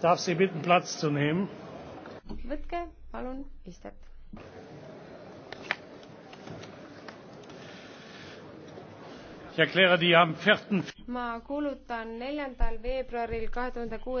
darf Sie bitten, Platz zu nehmen. Võtke, palun, istet. ma kuulutan neljandal veebruaril kahe tuhande kuue